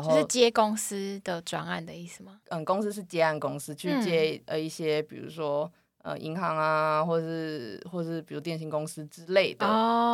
是接公司的專案的意思嗎？嗯，公司是接案公司，去接一些，比如說呃銀行啊，或是或是比如電信公司之類的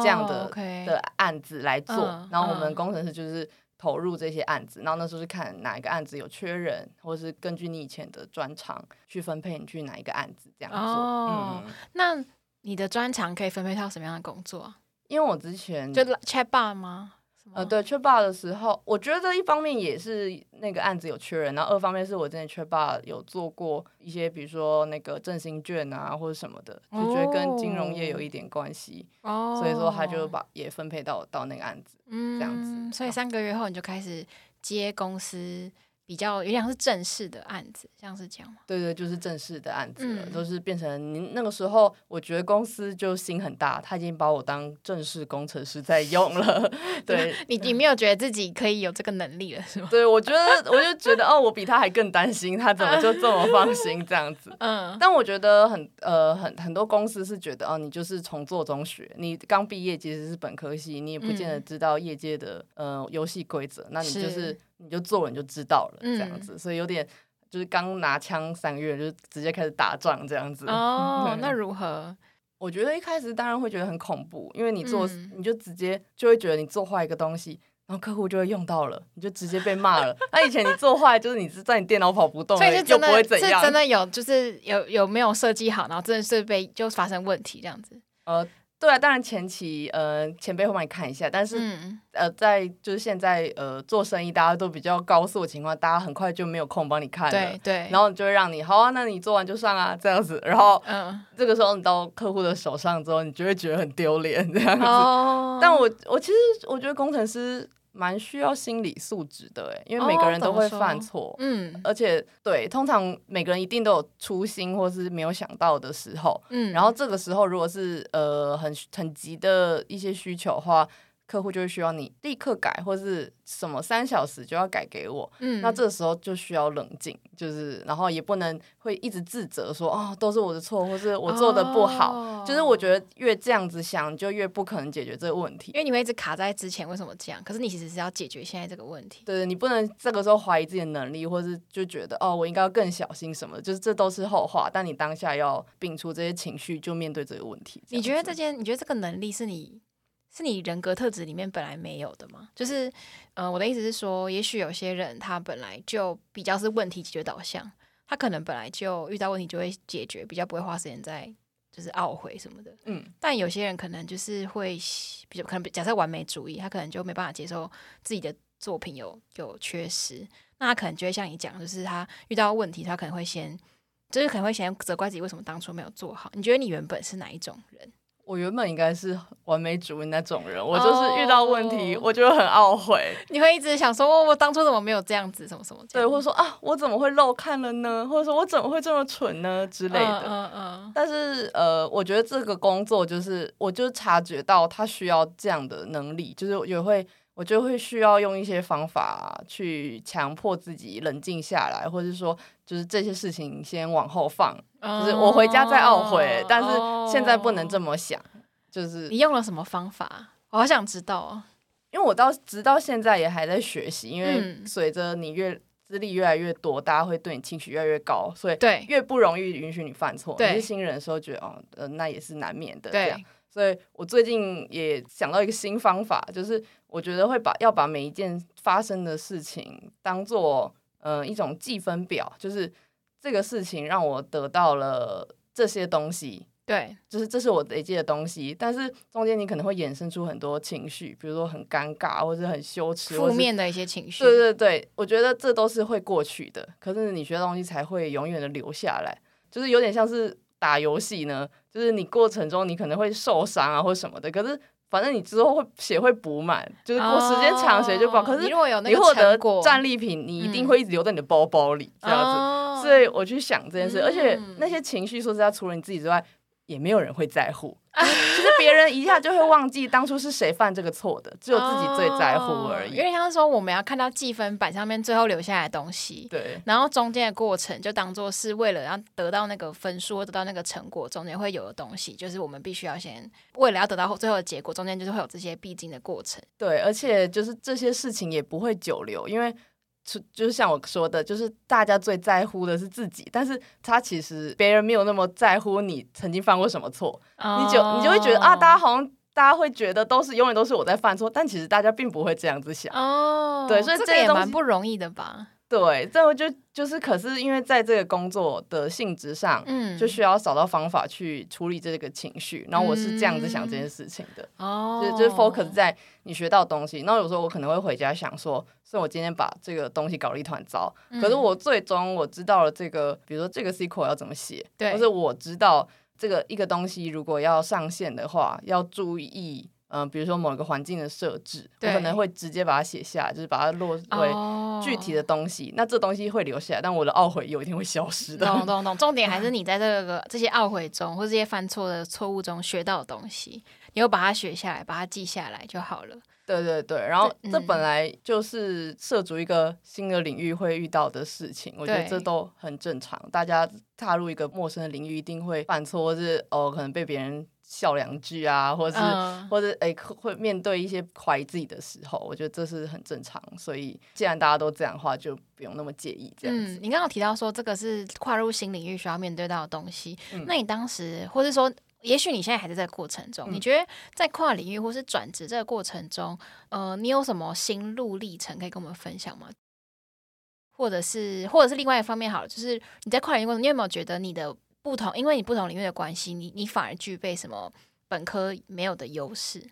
這樣的的案子來做。然後我們工程師就是投入這些案子。然後那時候是看哪一個案子有缺人，或是根據你以前的專長去分配你去哪一個案子這樣做。哦，那你的專長可以分配到什麼樣的工作？因為我之前就 Chatbot 嗎？呃，對，缺霸的時候，我覺得一方面也是那個案子有缺人，然後二方面是我之前缺霸有做過一些，比如說那個振興券啊或者什麼的，就覺得跟金融業有一點關係，哦、所以說他就把也分配到到那個案子，這樣子。嗯嗯、所以三個月後你就開始接公司。比較有點是正式的案子，像是這樣嗎？對對，就是正式的案子了，都、嗯、是變成那個時候，我覺得公司就心很大，他已經把我當正式工程師在用了。 對你，你沒有覺得自己可以有這個能力了，是嗎？對，我覺得我就覺得哦，我比他還更擔心，他怎麼就這麼放心這樣子？嗯，但我覺得很呃，很很多公司是覺得哦，你就是從做中學，你剛畢業其實是本科系，你也不見得知道業界的、嗯、呃遊戲規則，那你就是。是你就做，你就知道了，這樣子，嗯、所以有點就是剛拿槍三個月就直接開始打仗這樣子。哦，對那如何？我覺得一開始當然會覺得很恐怖，因為你做，嗯、你就直接就會覺得你做壞一個東西，然後客戶就會用到了，你就直接被罵了。那、 啊、以前你做壞就是你是在你電腦跑不動，所以就不會怎樣。真的有就是有有沒有設計好，然後真的是被就發生問題這樣子。呃。對啊，當然前期呃前輩會幫你看一下，但是，嗯、呃在就是現在呃做生意大家都比較高速的情況，大家很快就沒有空幫你看了，對，對，然後就會讓你好啊，那你做完就算啦這樣子，然後嗯，這個時候你到客戶的手上之後，你就會覺得很丟臉這樣子，哦、但我我其實我覺得工程師。蠻需要心理素質的哎，因為每個人都會犯錯，哦嗯、而且對，通常每個人一定都有粗心，或是沒有想到的時候，嗯、然後這個時候如果是呃很很急的一些需求的話。客戶就需要你立刻改，或是什麼三小時就要改給我。嗯，那這個時候就需要冷靜，就是然後也不能會一直自責說，說哦都是我的錯，或是我做的不好。哦、就是我覺得越這樣子想，就越不可能解決這個問題，因為你會一直卡在之前為什麼這樣。可是你其實是要解決現在這個問題。對對，你不能這個時候懷疑自己的能力，或是就覺得哦我應該要更小心什麼。就是這都是後話，但你當下要摒除這些情緒，就面對這個問題。你覺得這件？你覺得這個能力是你？是你人格特質裡面本來沒有的嗎？就是，嗯、呃，我的意思是說，也許有些人他本來就比較是問題解決導向，他可能本來就遇到問題就會解決，比較不會花時間在就是懊悔什麼的。嗯。但有些人可能就是會比較可能比假設完美主義，他可能就沒辦法接受自己的作品有有缺失，那他可能就會像你講，就是他遇到問題，他可能會先就是可能會先責怪自己為什麼當初沒有做好。你覺得你原本是哪一種人？我原本應該是完美主義那種人，我就是遇到問題，我就很懊悔，oh, oh. 你會一直想說，我當初怎麼沒有這樣子，什麼什麼，對，或者說啊，我怎麼會漏看了呢？或者說我怎麼會這麼蠢呢？之類的。Uh, uh, uh. 但是呃，我覺得這個工作就是，我就察覺到他需要這樣的能力，就是也會。我就會需要用一些方法去強迫自己冷靜下來，或者是說，就是這些事情先往後放，嗯、就是我回家再懊悔。哦、但是現在不能這麼想，就是你用了什麼方法？我好想知道哦。因為我到直到現在也還在學習，因為隨着你越資歷越來越多，大家會對你期許越來越高，所以對越不容易允許你犯錯。對你是新人的時候覺得哦、嗯，那也是難免的，對。這樣。對，我最近也想到一個新方法，就是我覺得會把要把每一件發生的事情當做，嗯、呃，一種記分表，就是這個事情讓我得到了這些東西，對，就是這是我累積的東西。但是中間你可能會衍生出很多情緒，比如說很尷尬，或者很羞恥，負面的一些情緒。對對對，我覺得這都是會過去的。可是你學的東西才會永遠的留下來，就是有點像是打遊戲呢。就是你過程中你可能會受傷啊或什麼的，可是反正你之後會血會補滿，哦、就是過時間長血就飽。可是有你獲得戰利品，嗯、你一定會一直留在你的包包裡這樣子。哦、所以我去想這件事，嗯、而且那些情緒說實在，除了你自己之外。也沒有人會在乎， 其實別人一下就會忘記當初是誰犯這個錯的， 只有自己最在乎而已。因為像是說我們要看到計分板上面最後留下來的東西，對，然後中間的過程就當做是為了要得到那個分數，得到那個成果，中間會有的東西，就是我們必須要先為了要得到最後的結果，中間就是會有這些必經的過程。對，而且就是這些事情也不會久留，因為。就就是像我說的，就是大家最在乎的是自己，但是他其實別人沒有那麼在乎你曾經犯過什麼錯，oh. 你就你就會覺得啊，大家好像大家會覺得都是永遠都是我在犯錯，但其實大家並不會這樣子想哦，oh. 對，所以這個也蠻不容易的吧。對，這我就就是，可是因為在這個工作的性質上，嗯、就需要找到方法去處理這個情緒。然後我是這樣子想這件事情的，嗯、就就 focus 在你學到東西。然後、哦、有時候我可能會回家想說，雖然我今天把這個東西搞了一團糟，嗯、可是我最終我知道了這個，比如說這個 SQL 要怎麼寫，或對是我知道這個一個東西如果要上線的話要注意。嗯、呃，比如說某一個環境的設置，對我可能會直接把它寫下來，就是把它落為具體的東西。Oh, 那這東西會留下來，但我的懊悔有一天會消失的。懂懂懂。重點還是你在這個這些懊悔中， 或這些犯錯的錯誤中學到的東西，你又把它寫下來，把它記下來就好了。對對對。然後這本來就是涉足一個新的領域會遇到的事情，我覺得這都很正常。對大家踏入一個陌生的領域，一定會犯錯，或是哦，可能被別人。笑兩句啊，或者是、嗯、或者誒、欸，會面對一些懷疑自己的時候，我覺得這是很正常。所以既然大家都這樣的話，就不用那麼介意這樣。嗯，你剛剛提到說這個是跨入新領域需要面對到的東西，嗯、那你當時，或者說，也許你現在還是在這個過程中，嗯、你覺得在跨領域或是轉職這個過程中，呃，你有什麼心路歷程可以跟我們分享嗎？或者是，或者是另外一方面，好了，就是你在跨領域過程中，你有沒有覺得你的？不同，因為你不同領域的關係，你你反而具備什麼本科沒有的優勢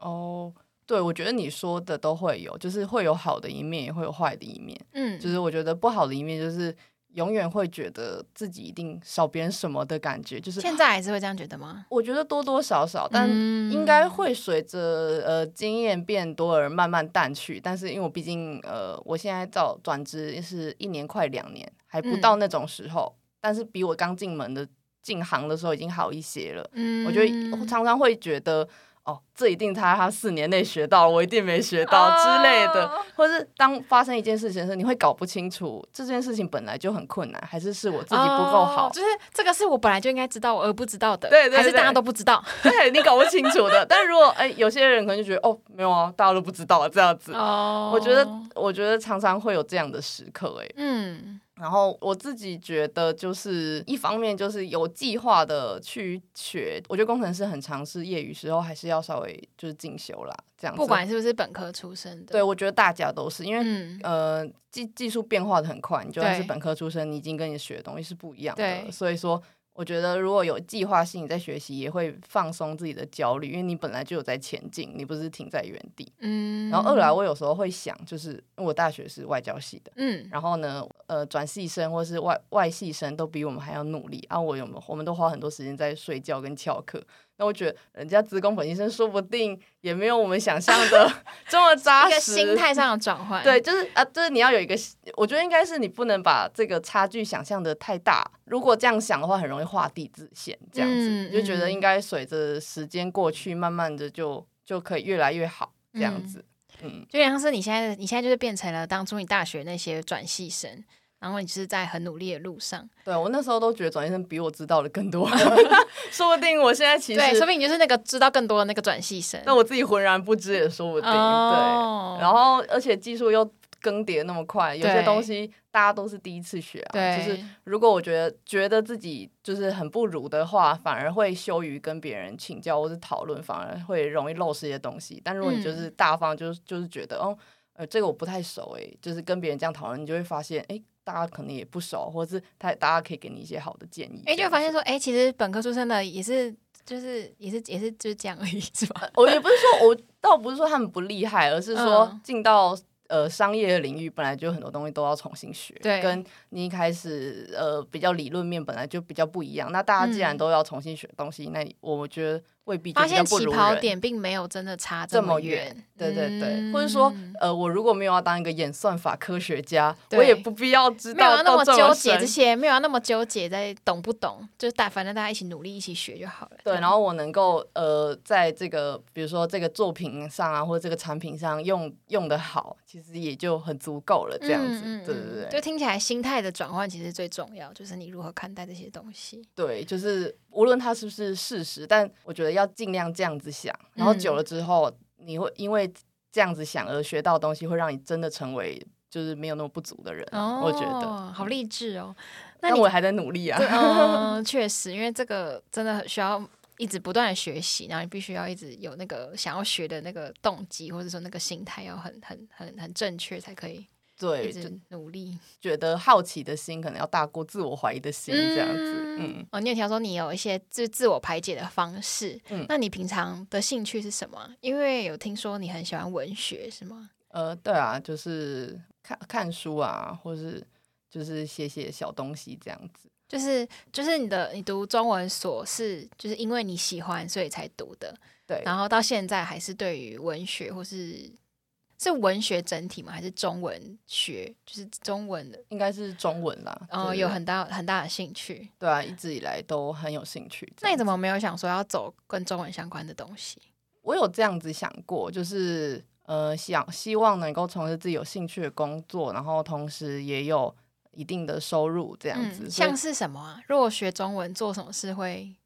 哦。Oh, 對，我覺得你說的都會有，就是會有好的一面，也會有壞的一面。嗯，就是我覺得不好的一面，就是永遠會覺得自己一定少別人什麼的感覺。就是現在還是會這樣覺得嗎？我覺得多多少少，但應該會隨着呃經驗變多而慢慢淡去。但是因為我畢竟呃，我現在找轉職是一年快兩年，還不到那種時候。嗯但是比我剛進門的進行的時候已經好一些了。嗯、我覺得我常常會覺得，哦，這一定他他四年內學到，我一定沒學到之類的。哦、或者當發生一件事情的時候，你會搞不清楚這件事情本來就很困難，還是是我自己不夠好、哦？就是這個是我本來就應該知道我而不知道的，對，對，對，還是大家都不知道？對，你搞不清楚的。 但如果哎、欸，有些人可能就覺得，哦，沒有啊，大家都不知道啊，這樣子。哦，我覺得我覺得常常會有這樣的時刻、欸，哎，嗯。然後我自己覺得，就是一方面就是有計劃的去學。我覺得工程師很常是業餘時候還是要稍微就是進修啦，這樣子。不管是不是本科出身的，對我覺得大家都是，因為、嗯、呃技技術變化的很快。你就算是本科出身，你已經跟你學的東西是不一樣的，對所以說。我覺得如果有計劃性在學習，也會放鬆自己的焦慮，因為你本來就有在前進，你不是停在原地。嗯。然後二來，我有時候會想，就是我大學是外交系的，嗯，然後呢，呃，轉系生或是外外系生都比我們還要努力。啊我，我有沒？我們都花很多時間在睡覺跟翹課。那我覺得人家資工本科生說不定也沒有我們想象的 這麼扎紮實。心態上的轉換，對，就是啊，就是你要有一個，我覺得應該是你不能把這個差距想象的太大，如果這樣想的話，很容易畫地自限，這樣子，嗯嗯、就覺得應該隨着時間過去，慢慢的就就可以越來越好，這樣子，嗯，嗯就像是你現在你現在就是變成了當初你大學那些轉系生。然後你是在很努力的路上。對我那時候都覺得轉系生比我知道的更多， 說不定我現在其實對，說不定你就是那個知道更多的那個轉系生，那我自己渾然不知也說不定。哦、對，然後而且技術又更迭那麼快，對有些東西大家都是第一次學啊。對就是如果我覺得覺得自己就是很不如的話，反而會羞於跟別人請教或者討論，反而會容易漏失一些東西。但如果你就是大方就，就是、嗯、就是覺得哦，呃，這個我不太熟、欸，誒，就是跟別人這樣討論，你就會發現，誒。大家可能也不熟，或者是他大家可以給你一些好的建議。哎，就發現說，哎、欸，其實本科出身的也是，就是也是也是就是這樣而已，是吧、哦？我也不是說我，我 倒不是說他們不厲害，而是說進到、嗯、呃商業領域本來就很多東西都要重新學，對，跟你一開始呃比較理論面本來就比較不一樣。那大家既然都要重新學東西，嗯、那我覺得。未必。發現起跑點並沒有真的差這麼遠，對對對，嗯、或者說，呃，我如果沒有要當一個演算法科學家，對我也不必要知道那麼糾結這些，沒有要那麼糾結在懂不懂，就是大反正大家一起努力，一起學就好了。對，對然後我能夠呃，在這個比如說這個作品上啊，或者這個產品上用用得好，其實也就很足夠了。這樣子，嗯嗯嗯對對對，就聽起來心態的轉換其實最重要，就是你如何看待這些東西。對，就是無論它是不是事實，但我覺得。要盡量這樣子想，然後久了之後，你會因為這樣子想而學到的東西，會讓你真的成為就是沒有那麼不足的人啊。哦，我覺得好勵志哦！那我還在努力啊。嗯，呃，確實，因為這個真的需要一直不斷的學習，然後你必須要一直有那個想要學的那個動機，或者說那個心態要很很很很正確才可以。對，努力，覺得好奇的心可能要大過自我懷疑的心這樣子。嗯，嗯哦，你有聽說你有一些自自我排解的方式。嗯，那你平常的興趣是什麼？因為有聽說你很喜歡文學，是嗎？呃，對啊，就是看看書啊，或是就是寫寫小東西這樣子。就是就是你的，你讀中文所是就是因為你喜歡所以才讀的。對，然後到現在還是對於文學或是。是文學整體嗎？還是中文學？就是中文的，應該是中文啦。然後、哦、吧有很大很大的興趣。對啊，一直以來都很有興趣、嗯。那你怎麼沒有想說要走跟中文相關的東西？我有這樣子想過，就是呃，想希望能夠從事自己有興趣的工作，然後同時也有一定的收入，這樣子。嗯、以像是什麼、啊？如果學中文做什麼事？會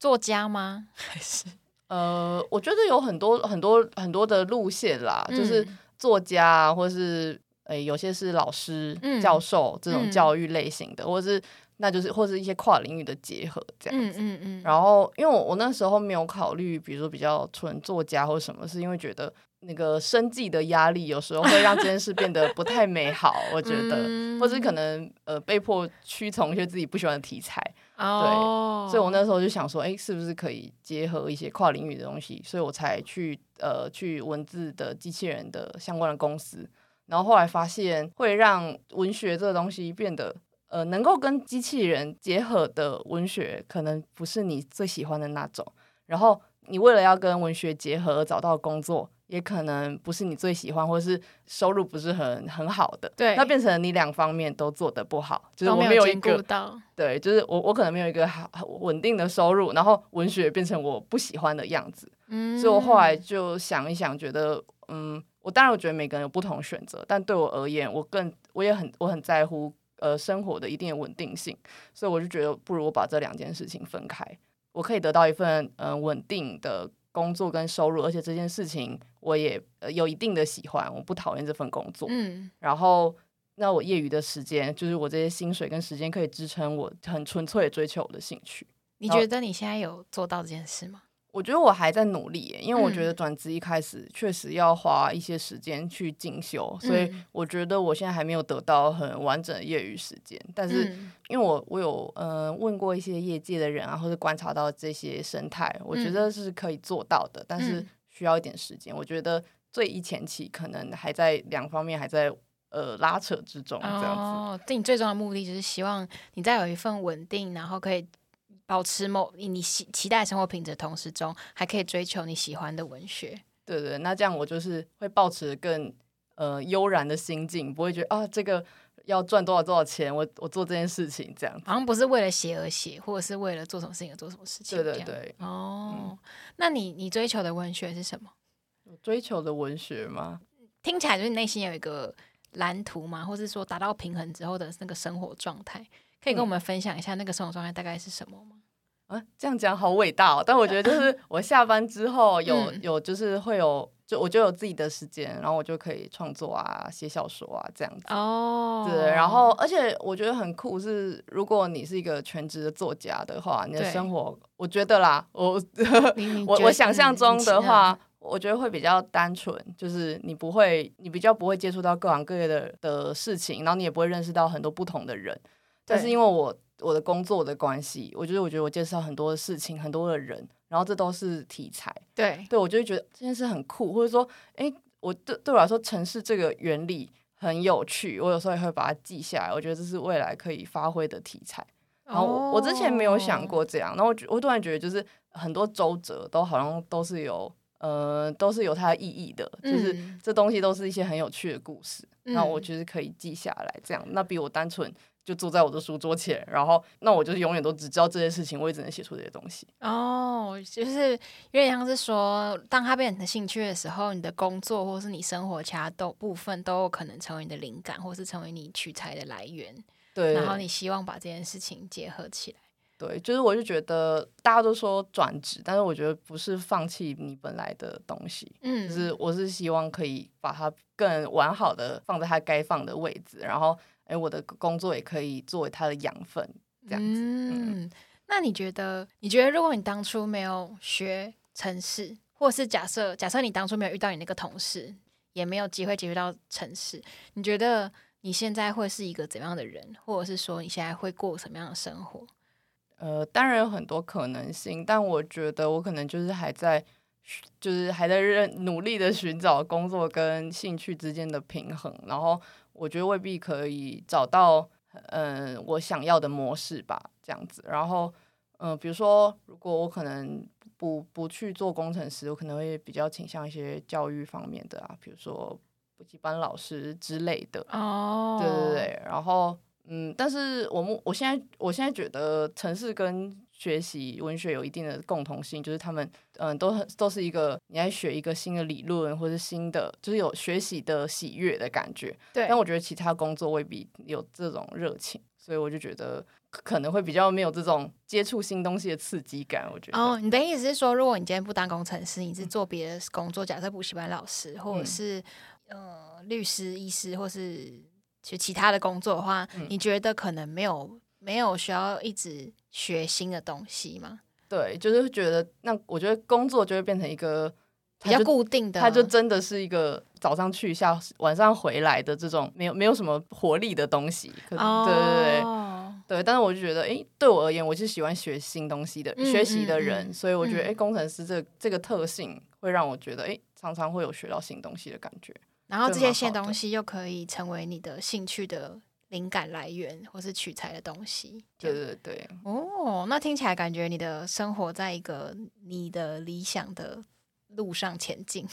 作家嗎？還是？呃，我覺得有很多很多很多的路線啦，嗯、就是作家，或是呃、欸，有些是老師、嗯、教授這種教育類型的，嗯、或是那就是或是一些跨領域的結合這樣子。嗯嗯嗯、然後，因為我我那時候沒有考慮，比如說比較純作家或什麼，是因為覺得那個生計的壓力有時候會讓這件事變得不太美好。 我覺得，或者可能呃，被迫屈從一些自己不喜歡的題材。Oh. 對，所以我那時候就想說，哎、欸，是不是可以結合一些跨領域的東西？所以我才去呃去文字的機器人的相關的公司，然後後來發現會讓文學這個東西變得呃能夠跟機器人結合的文學，可能不是你最喜歡的那種。然後你為了要跟文學結合而找到工作。也可能不是你最喜歡，或是收入不是很很好的。對，那變成你兩方面都做得不好，就是我沒有一個，對，就是我我可能沒有一個好穩定的收入，然後文學變成我不喜歡的樣子，嗯，所以我後來就想一想，覺得嗯，我當然我覺得每個人有不同的選擇，但對我而言，我更我也很我很在乎呃生活的一定的穩定性，所以我就覺得不如我把這兩件事情分開，我可以得到一份嗯穩定的。工作跟收入，而且這件事情我也、呃、有一定的喜歡，我不討厭這份工作。嗯，然後那我業餘的時間，就是我這些薪水跟時間可以支撐我很純粹的追求我的興趣。你覺得你現在有做到這件事嗎？我覺得我還在努力耶，因為我覺得轉職一開始確實要花一些時間去進修，嗯、所以我覺得我現在還沒有得到很完整的業餘時間。嗯、但是，因為我我有嗯、呃、問過一些業界的人啊，或者觀察到這些生態，我覺得是可以做到的，嗯、但是需要一點時間。嗯、我覺得最一前期可能還在兩方面還在呃拉扯之中，這樣子。哦，對，你最終的目的就是希望你再有一份穩定，然後可以。保持某你你期待生活品質的同時中，中還可以追求你喜歡的文學。對，對對，那這樣我就是會保持更呃悠然的心境，不會覺得啊這個要賺多少多少錢，我我做這件事情這樣。好像不是為了寫而寫，或者是為了做什麼事情而做什麼事情。對對對。這樣。嗯、哦，那你你追求的文學是什麼？追求的文學嗎？聽起來就是內心有一個藍圖嘛，或是說達到平衡之後的那個生活狀態。可以跟我們分享一下那個生活狀態大概是什麼嗎？啊、嗯，這樣講好偉大、哦，的但我覺得就是我下班之後有、嗯、有就是會有，就我就有自己的時間，然後我就可以創作啊、寫小說啊這樣子哦。對，然後而且我覺得很酷是，如果你是一個全職的作家的話，你的生活對我覺得啦，我明明 我明明我想象中的話，我覺得會比較單純，就是你不會，你比較不會接觸到各行各業的的事情，然後你也不會認識到很多不同的人。就是因為我我的工作的關係，我覺得我覺得我介紹很多的事情，很多的人，然後這都是題材。對，對我就會覺得這件事很酷，或者說，哎、欸，我對對我來說，程式這個原理很有趣。我有時候也會把它記下來，我覺得這是未來可以發揮的題材。然後我，、哦、我之前沒有想過這樣，那我覺我突然覺得就是很多周折都好像都是有呃都是有它的意義的，就是這東西都是一些很有趣的故事。那、嗯、我覺得可以記下來，這樣那比我單純。就坐在我的書桌前，然後那我就永遠都只知道這件事情，我也只能寫出這些東西。哦，就是有點像是說，當他變成興趣的時候，你的工作或是你生活其他都部分都有可能成為你的靈感，或是成為你取材的來源。對，對，對。然後你希望把這件事情結合起來。對，就是我就覺得大家都說轉職，但是我覺得不是放棄你本來的東西。嗯。就是我是希望可以把它更完好的放在它該放的位置，然後。誒，我的工作也可以作為他的養分，這樣子。嗯嗯，那你覺得？你覺得如果你當初沒有學程式，或是假設假設你當初沒有遇到你那個同事，也沒有機會接觸到程式，你覺得你現在會是一個怎樣的人，或者是說你現在會過什麼樣的生活？呃，當然有很多可能性，但我覺得我可能就是還在，就是還在認努力的尋找工作跟興趣之間的平衡，然後。我覺得未必可以找到嗯，我想要的模式吧，這樣子。然後嗯，比如說，如果我可能不不去做工程師，我可能會比較傾向一些教育方面的啊，比如說補習班老師之類的。哦，oh. 對對對。然後嗯，但是我們我現在我現在覺得程式跟學習文學有一定的共同性，就是他們，嗯，都很都是一個，你來學一個新的理論，或是新的，就是有學習的喜悅的感覺。對。但我覺得其他工作未必有這種熱情，所以我就覺得可能會比較沒有這種接觸新東西的刺激感。我覺得。哦，oh, 你的意思是說，如果你今天不當工程師，你是做別的工作，假設補習班老師，或者是、嗯、呃律師、醫師，或是其其他的工作的話，嗯、你覺得可能沒有？沒有需要一直學新的東西嗎？對，就是覺得那我覺得工作就會變成一個比較固定的，它就真的是一個早上去一下，晚上回來的這種，沒有沒有什麼活力的東西。Oh. 對對對，對，但是我就覺得，哎、欸，對我而言，我是喜歡學新東西的、嗯、學習的人，嗯嗯嗯、所以我覺得，哎、欸，工程師這這個特性會讓我覺得，哎、嗯欸，常常會有學到新東西的感覺。然後這些新的東西又可以成為你的興趣的。靈感來源或是取材的東西，對對對。哦，oh, 那聽起來感覺你的生活在一個你的理想的路上前進，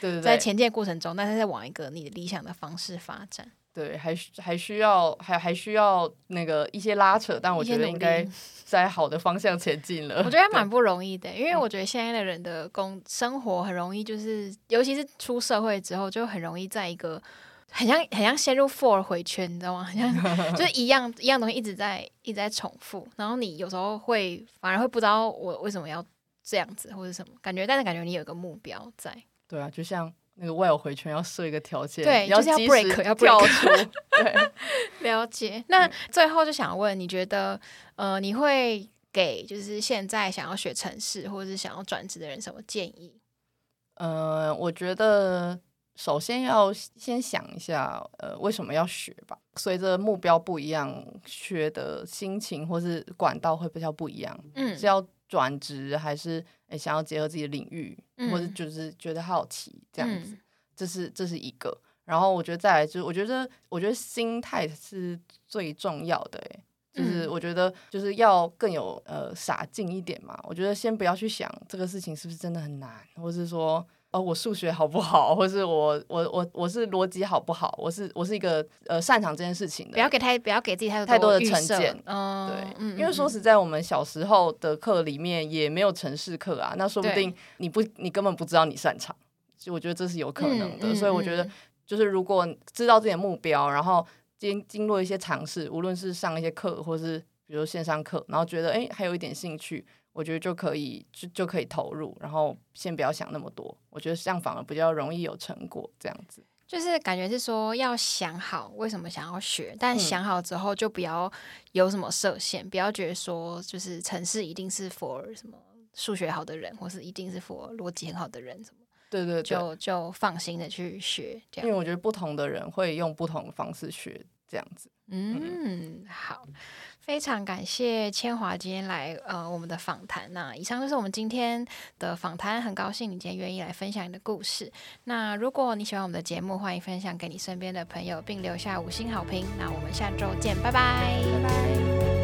對,對對，在前進的過程中，那在往一個你的理想的方式發展。對，還還需要還還需要那個一些拉扯，但我覺得應該在好的方向前進了。我覺得還蠻不容易的，對因為我覺得現在的人的工生活很容易，就是、嗯、尤其是出社會之後，就很容易在一個。很像很像先入 for 回圈，你知道嗎？很像就是一樣一樣東西一直在一直在重複，然後你有時候會反而會不知道我為什麼要這樣子或者什麼感覺，但是感覺你有個目標在。對啊，就像那個 while 回圈要設一個條件，對，就是要 break 要跳出。 對，了解。那最後就想問，你覺得呃，你會給就是現在想要學程式或者是想要轉職的人什麼建議？呃，我覺得。首先要先想一下，呃，為什麼要學吧？隨着目標不一樣，學的心情或是管道會比較不一樣。嗯，是要轉職還是、欸、想要結合自己的領域，嗯、或者就是覺得好奇這樣子，嗯、這是這是一個。然後我覺得再來，就是我，我覺得我覺得心態是最重要的、欸。哎，就是我覺得就是要更有呃傻勁一點嘛。我覺得先不要去想這個事情是不是真的很難，或是說。我數學好不好，或是我我我我是邏輯好不好？我是我是一個呃擅長這件事情的。不要給他，不要給自己多太多的成見。哦、對，嗯嗯嗯，因為說實在，我們小時候的課裡面也沒有程式課啊。那說不定你不，對你根本不知道你擅長。所以我覺得這是有可能的。嗯嗯嗯，所以我覺得就是如果知道自己的目標，然後經經過一些嘗試，無論是上一些課，或是比如線上課，然後覺得哎、欸，還有一點興趣。我覺得就可以，就就可以投入，然後先不要想那麼多。我覺得這樣反而比較容易有成果，這樣子。就是感覺是說要想好為什麼想要學，但想好之後就不要有什麼設限，嗯、不要覺得說就是程式一定是 for 什麼數學好的人，或是一定是 for 邏輯很好的人，什麼。對對對，就就放心的去學。這樣因為我覺得不同的人會用不同的方式學，這樣子。嗯，好，非常感謝千華今天來，呃，我們的訪談。那以上就是我們今天的訪談，很高興你今天願意來分享你的故事。那如果你喜歡我們的節目，歡迎分享給你身邊的朋友，並留下五星好評。那我們下周見，拜拜。拜拜。